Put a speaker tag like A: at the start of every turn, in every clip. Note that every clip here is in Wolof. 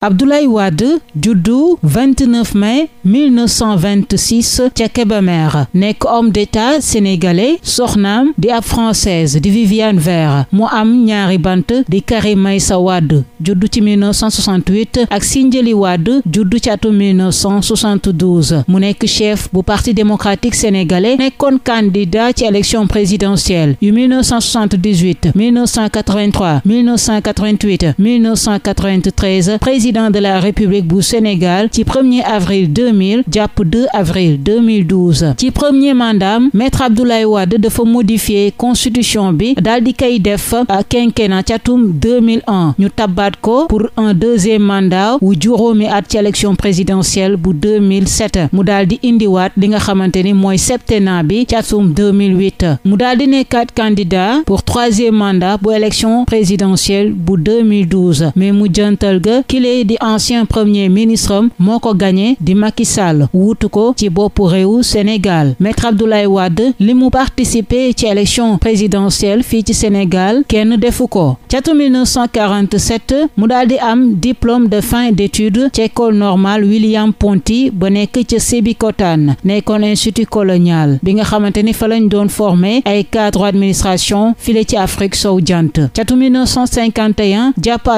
A: Abdoulaye Wade juddu 29 mai 1926 ca Kébémer nekk homme d'état sénégalais soxnaam di ab française di Viviane Vert mu am ñaari bant di Karim Meïssa Wade juddu ci 1968 ak Sindiély Wade juddu ci atum 1972 mu nekk chef bu parti démocratique sénégalais nekkoon candidat ci élection présidentielle yu 1978 1983 1988 1993 président de la république bu Sénégal ci 1er avril 2000 jàpp 2 avril 2012 ci premier mandat maître Abdoulaye Wade dafa modifier constitution bi daal di kay def quinquennat catum 2001 ñu tabbaat ko pour un deuxième mandat wu juróomi at ci élection présidentielle bu 2007 mu daal di indiwaat li nga xamante ni mooy septennat bi catum 2008 mu daal di nekkaat candidat pour troisième mandat bu élection présidentielle bu 2012 mais mu jëntal ga kile Faye di ancien premier ministre am moo ko gagné di Macky Sall wuutu ko ci boppu réewu Sénégal maître Abdoulaye Wade li mu participer ci élection présidentielle fii ci Sénégal kenn defu ko ca 1947 mu daal di am diplôme de fin d'études ce école normal William Ponty ba nekk ca Sébikotane nekkoon institut colonial bi nga xamante ni fa lañ doon formé ay cadre administration file ci Afrique sowu jant ca 1951 jàpp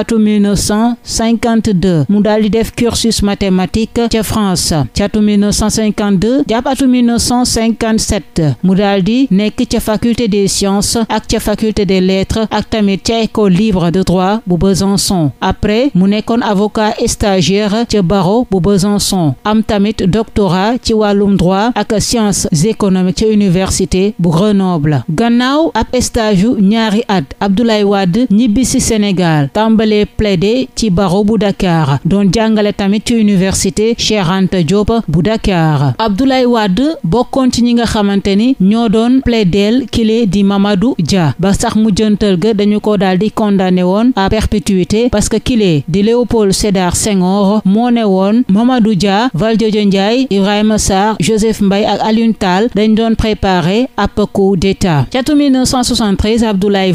A: 1952 mu daal di def cursus mathématique ca France ca atum 1952 jàpp nekk ca faculté des sciences ak ca faculté des lettres ak tamit ca école libre de droit bu Besançon après mu nekkoon avocat stagiaire ca barreau bu Besançon am tamit doctorat ci wàllum droit ak sciences économiques ca université bu Grenoble gannaaw ab stage ñaari at Abdoulaye Wade ñibbi si Sénégal tàmbalee plaider ci barreau bu Dakar Dakar doon jàngale tamit ci université Cheikh Anta Diop bu Dakar Abdoulaye Wade bokkoon ci ñi nga xamante ni ñoo doon plaideel kile di Mamadou Dia ba sax mu jëntal ga dañu ko daal di condamné woon à perpétuité parce que kile di Léopold Sédar Senghor moo ne woon Mamadou Dia Valdiodio Ndiaye Ibrahima Sarr Joseph Mbaye ak Alioune Tall dañ doon préparé ab coup d'état catu 1973 Abdoulaye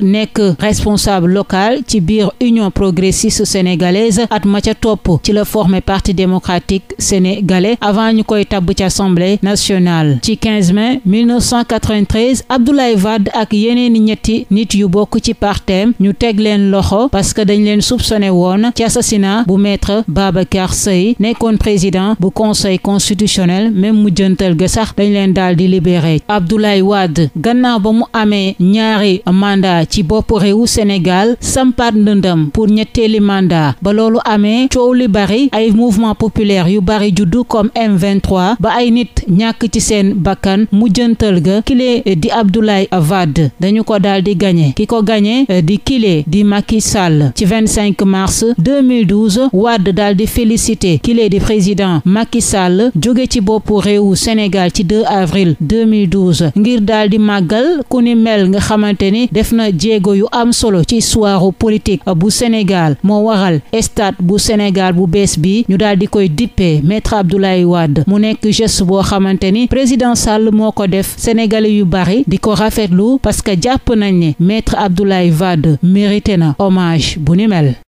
A: nekk responsable local ci biir Union progressiste sénégalaise sénégalaise at ma ca topp ci la formé parti démocratique sénégalais avant ñu koy tabb ci assemblée nationale ci 15 mai 1993 Abdoulaye Wade ak yeneen ñetti nit yu bokk ci partem ñu teg leen loxo parce que dañ leen soupçonné woon ci assassinat bu maître Babacar Seye nekkoon président bu conseil constitutionnel même mu jëntal ga sax dañ leen daal di libéré Abdoulaye Wade gannaaw ba mu amee ñaari mandat ci bopp réewu Sénégal sampaat ndëndam pour ñetteeli mandat ba loolu amee coow li bari ay mouvement populaire yu bari juddu comme M23 ba ay nit ñàkk ci seen bakkan mujjantal ga kile di Abdoulaye Wade dañu ko dal di gañe ki ko gañee eh, di kile di Macky Sall ci 25 mars 2012 Wade daal di félicité kile di président Macky Sall jóge ci boppu réewu Sénégal ci 2 avril 2012 ngir daal di màggal ku ni mel nga xamante ni def na jéego yu am solo ci histoire politique bu Sénégal moo waral stade bu Sénégal bu bees bi ñu daal di koy dippee maître Abdoulaye wadd mu nekk geste boo xamante ni président Sall moo ko def sénégalais yu bari di ko rafetlu parce que jàpp nañ ne maître Abdoulaye Wade mérité na hommage bu ni mel